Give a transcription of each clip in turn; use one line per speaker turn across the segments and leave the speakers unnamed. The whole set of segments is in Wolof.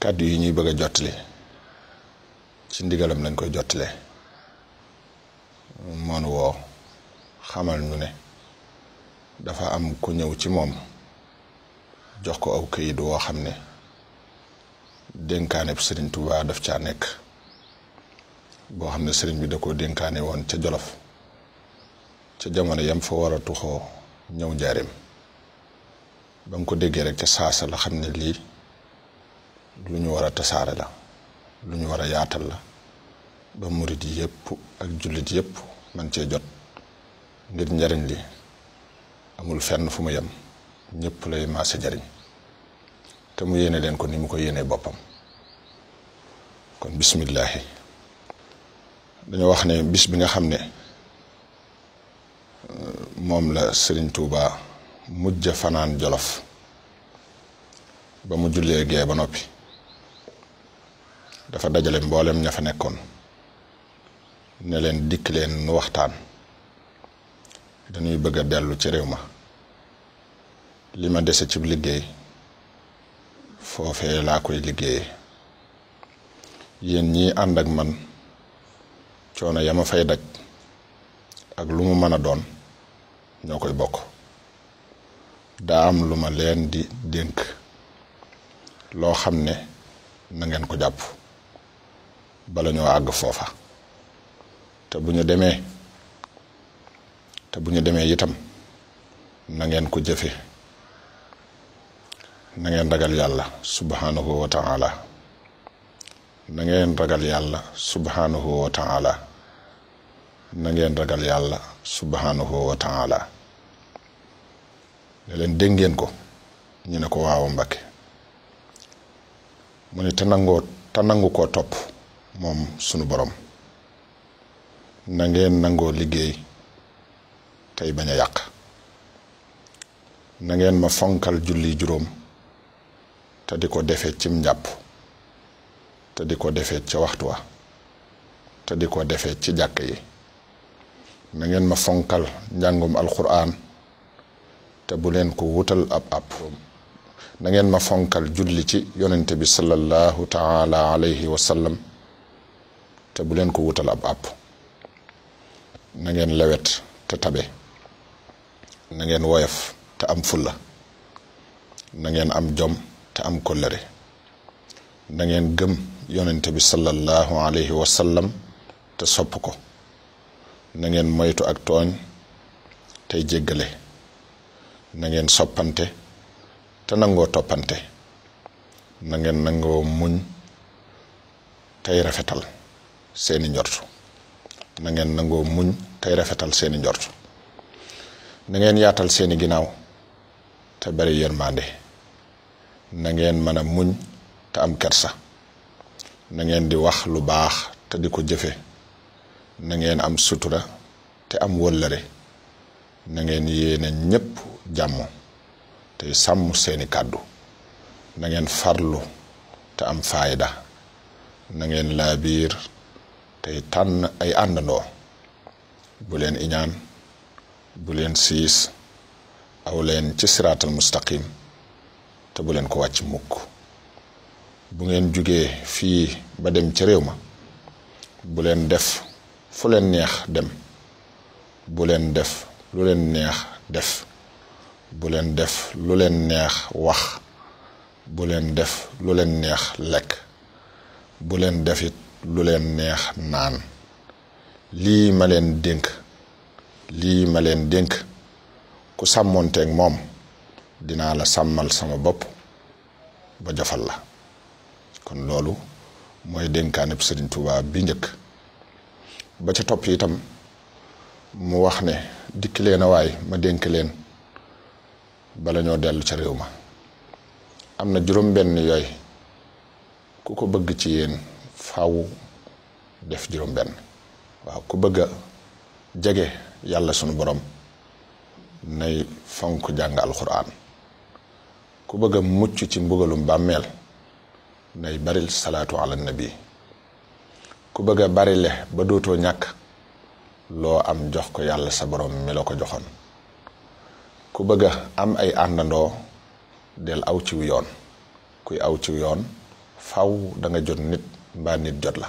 kàddu yi ñuy bëgg a jottali ci ndigalam lañ koy jottale moon woo xamal ñu ne dafa am ku ñëw ci moom jox ko aw këyit woo xam ne dénkaaneb sëriñ tuba daf caa nekk boo xam ne sëriñ bi da koo dénkaane woon ca jolof ca jamono yam fa war a tuxoo ñëw njaarim ba nga ko déggee rek ca saasa la xam ne lii lu ñu war a tasaare la lu ñu war a yaatal la ba murit yépp ak jullit yépp man cee jot ngir njariñ li amul fenn fu mu yem ñépp lay maase jariñ te mu yéene leen ko ni mu ko yéenee boppam kon bismillaahi dañoo wax ne bis bi nga xam ne euh, moom la Sëriñ Tuubaa mujj fanaan Jolof ba mu jullee gee ba noppi dafa dajale mboolem ña fa nekkoon ne leen dikk leen nu waxtaan dañuy bëgg a dellu ci réew ma li ma dese ci liggéey foofe laa koy liggéeyee yéen ñi ànd ak man coono ya ma fay daj ak lu mu mën a doon ñoo koy bokk daa am lu ma leen di dénk loo xam ne na ngeen ko jàpp bala ñoo àgg foofa te bu ñu demee te bu ñu demee itam na ngeen ko jëfe na ngeen ragal yàlla subhanahu wa ta'ala na ngeen ragal yàlla subhanahu wa ta'ala na ngeen ragal yàlla subhanahu wa ta'ala ne leen dégg ko ñu ne ko waaw Mbàkke mu ne te nangoo te nangu ko topp mom sunu borom nangeen nangoo liggéey tey bañ a yàq nangeen ma fonkal julli juróom te di ko defee cim njàpp te di ko defee ci waxtu wa te di ko defee ci jàkk yi nangeen ma fonkal njàngum alquran te bu leen ko wutal ab ab na ngeen ma fonkal julli ci yonente bi salallahu taala alayhi wa sallam te buleen ko wutal ab àpp na ngeen lewet te tabe na ngeen woyof te am fulla na ngeen am jom te am kollëre na ngeen gëm yonente bi salallahu alayhi wa sallam te sopp ko na ngeen moytu ak tooñ tey jéggale na ngeen soppante te nangoo toppante na ngeen nangoo muñ tey rafetal seeni njort na ngeen nangoo muñ tey rafetal seeni njort na ngeen yaatal seeni ginaaw te bari yermande na ngeen mën muñ te am kersa na ngeen di wax lu baax te di ko jëfe na ngeen am sutura te am wëllëre na ngeen yéene ñépp jàmm te sàmm seeni kàddu na ngeen farlu te am faayda na ngeen laabiir te tànn ay àndandoo bu leen iñaan bu leen siis aw leen ci siraatal mustaqim te bu leen ko wàcc mukk bu ngeen jógee fii ba dem ci réew ma bu leen def fu leen neex dem bu leen def lu leen neex def bu def lu leen neex wax bu leen def lu leen neex lekk bu leen def it lu leen neex naan lii ma leen dénk lii ma leen dénk ku sàmmoonteeg moom dinaa la sàmmal sama bopp ba jofal la kon loolu mooy dénkaaneb Sëriñ Tuubaa bi njëkk ba ca topp itam mu wax ne dikk leen a waay ma dénk leen bala ñoo dellu ca réew ma am na juróom benn yooyu ku ko bëgg ci yéen faw def juróom benn waaw ku bëgg a jege yàlla sunu borom nay fonk jàng alxuraan ku bëgga a mucc ci mbugalum bàmmeel nay baril salaatu ala nabi ku bëgg a barile ba dootoo ñàkk loo am jox ko yàlla sa borom mi la ko joxoon ku bëgg am ay àndandoo del aw ciw yoon kuy aw ciw yoon faw da jot nit mbaa nit jot la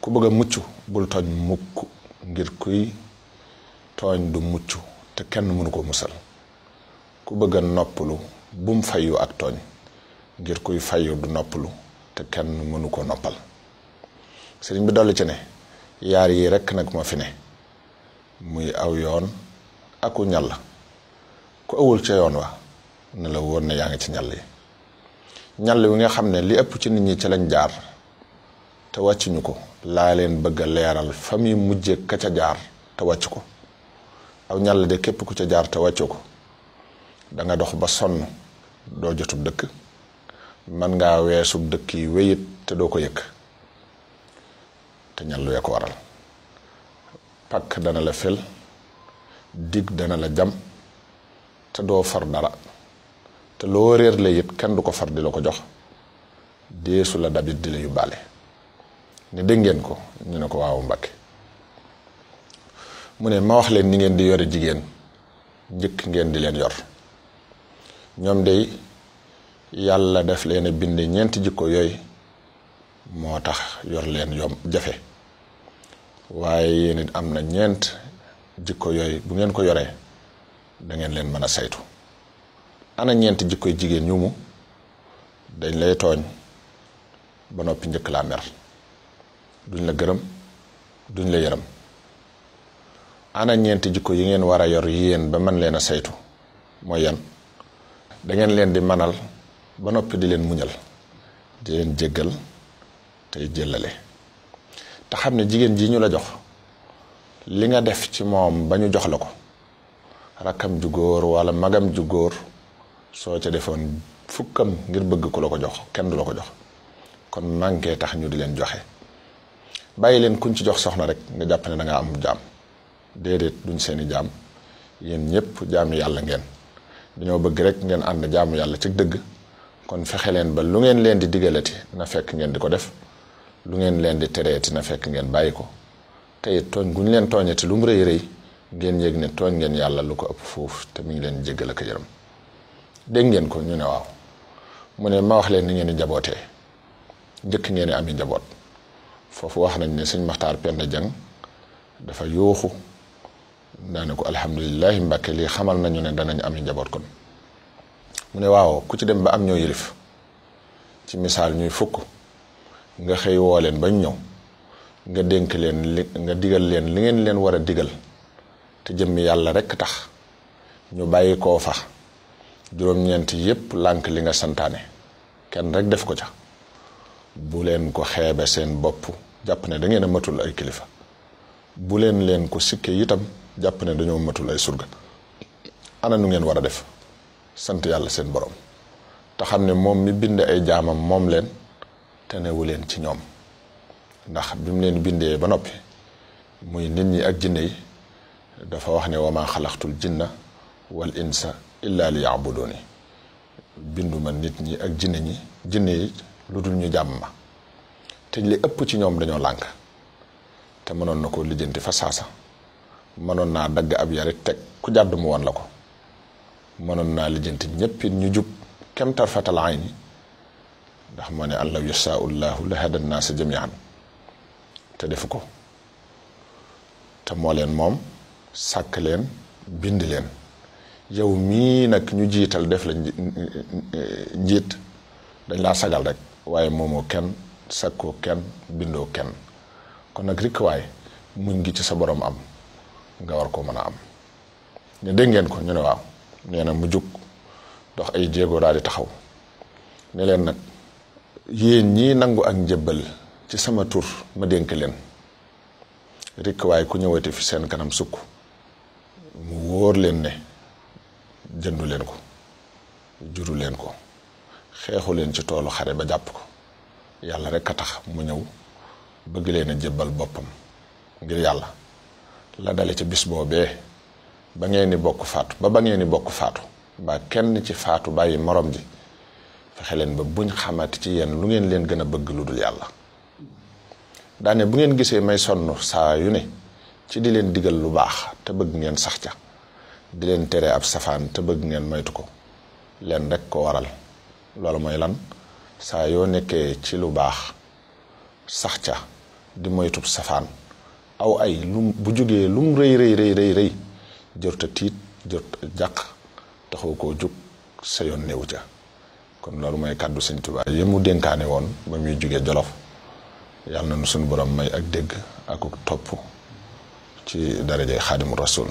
ku bëgg mucc bul tooñ mukk ngir kuy tooñ du mucc te kenn mënu ko musal ku bëgg noppalu bum fayu ak tooñ ngir kuy fayu du noppalu te kenn mënu koo noppal sëriñ bi dolli ci ne yaar yi rekk nag moo fi ne muy aw yoon aku ñal ku awul ca yoon wa ne la wóor ne yaa ngi ci ñal yi ñal wi nga xam ne li ëpp ci nit ñi ci lañ jaar te wàccuñu ko laa leen bëgg a leeral fa muy mujjee ka ca jaar te wàcc ko aw ñal de képp ku ca jaar te wàccu ko danga dox ba sonn doo jotub dëkk man nga weesub dëkk yi wéyit te doo ko yëkk te ñal wee ko waral pakk dana la fel dig dana la jam te doo far dara te loo réer la kenn du ko far di la ko jox deesu la dabit di la yóbbaale ne dégg ngeen ko ñu ne ko waaw Mbàkke mu ne ma wax leen ni ngeen di yore jigéen njëkk ngeen di leen yor ñoom dey yàlla def leen a bind ñeenti jikko yooyu moo tax yor leen yom jafe waaye yéen it am na ñeent jikko yooyu bu ngeen ko yoree da ngeen leen mën a saytu ana ñeenti jikkoy jigéen ñu mu dañ lay tooñ ba noppi njëkk laa mer duñ la gërëm duñ la yërëm ana ñeenti jikko yi ngeen war a yor yéen ba mën leen a saytu mooy yan dangeen leen di manal ba noppi di leen muñal di leen jéggal tey jëllale te xam ne jigéen ji ñu la jox li nga def ci moom ba ñu jox la ko rakkam ju góor wala magam ju góor soo ca defoon fukkam ngir bëgg ko la ko jox kenn du la ko jox kon manqué tax ñu di leen joxe bàyyi leen kuñ ci jox soxna rek nga jàpp ne da ngaa am jaam déedéet duñ seeni jaam yéen ñëpp jaamu yàlla ngeen dañoo bëgg rek ngeen ànd jaamu yàlla ci dëgg kon fexe leen ba lu ngeen leen di digalati na fekk ngeen di ko def lu ngeen leen di tereeti na fekk ngeen bàyyi ko tey tooñ gu ñu leen tooñati lu mu rëy rëy ngeen yëg ne tooñ ngeen yàlla lu ko ëpp foofu te mi ngi leen jéggal ak yërëm dégg ngeen ko ñu ne waaw mu ne ma wax leen ni ngeen di njabootee njëkk ngeen di ami njaboot foofu wax nañ ne suñ Maxtaar Penda Jang dafa yuuxu naa ne ko alhamdulilahi Mbàkke lii xamal nañu ne danañ ami njaboot kon mu ne waaw ku ci dem ba am ñoo yëlif ci misaal ñuy fukk nga xëy woo leen bañ ñëw nga dénk leen li nga digal leen li ngeen leen war a digal te jëmmi yàlla rek tax ñu bàyyi koo fa juróom-ñeent yépp lànk li nga santaane kenn rek def ko ca bu leen ko xeebe seen bopp jàpp ne dangeen ngeen a matul ay kilifa bu leen leen ko sikkee itam jàpp ne dañoo matul ay surga ana nu ngeen war a def sant yàlla seen borom te xam ne moom mi bind ay jaamam moom leen te leen ci ñoom ndax bi mu leen bindee ba noppi muy nit ñi ak jinne yi dafa wax ne wa ma xalaqtul jinna wal insa illa li yaabuduni binduma nit ñi ak jinne ñi jinne yi lu dul ñu jàmm ma te li ëpp ci ñoom dañoo lànk te mënoon na ko lijjanti fa saasa mënoon naa dagg ab yarit teg ku jàdd mu woon la ko mënoon naa lijjanti ñëpp ñu jub kem tarfatal ayni ndax moo ne allaw yasaau llahu la hada nnaasa jamian te defu ko te moo leen moom sàkk leen bind leen yow mii nag ñu jiital def la njiit dañ laa sagal rek waaye moomoo kenn sakkoo kenn bindoo kenn kon nag rikkuwaay muñ gi ci sa borom am nga war ko mën a am ñu dégg ko ñu ne waaw nee na mu jug dox ay jéego daal di taxaw ne leen nag yéen ñi nangu ak njëbbal ci sama tur ma dénk leen rikkuwaay ku ñëwati fi seen kanam sukk mu wóor leen ne jëndu leen ko juru leen ko xeexu leen ci toolu xare ba jàpp ko yàlla rek ka tax mu ñëw bëgg leen a jébbal boppam ngir yàlla la dale ci bis boobee ba ngeen ni bokk faatu ba ba ngeen ni bokk faatu ba kenn ci faatu bàyyi morom ji fexe leen ba buñ xamati ci yéen lu ngeen leen gën bëgg lu dul yàlla bu ngeen gisee may sonn saa yu ne ci di leen digal lu baax te bëgg ngeen sax ca di leen tere ab safaan te bëgg ngeen moytu ko leen rek ko waral loolu mooy lan saa yoo nekkee ci lu baax sax ca di moytub safaan aw ay lum bu jógee lum rëy rëy rëy rëy rëy jot a tiit jot a jàq taxoo koo jóg sa yoon newu ca kon loolu mooy kàddu Sëñ Tuubaa yi mu dénkaane woon ba muy jóge Jolof yàlla na nu suñu borom may ak dégg ak topp ci daraje Xaadimu Rasuul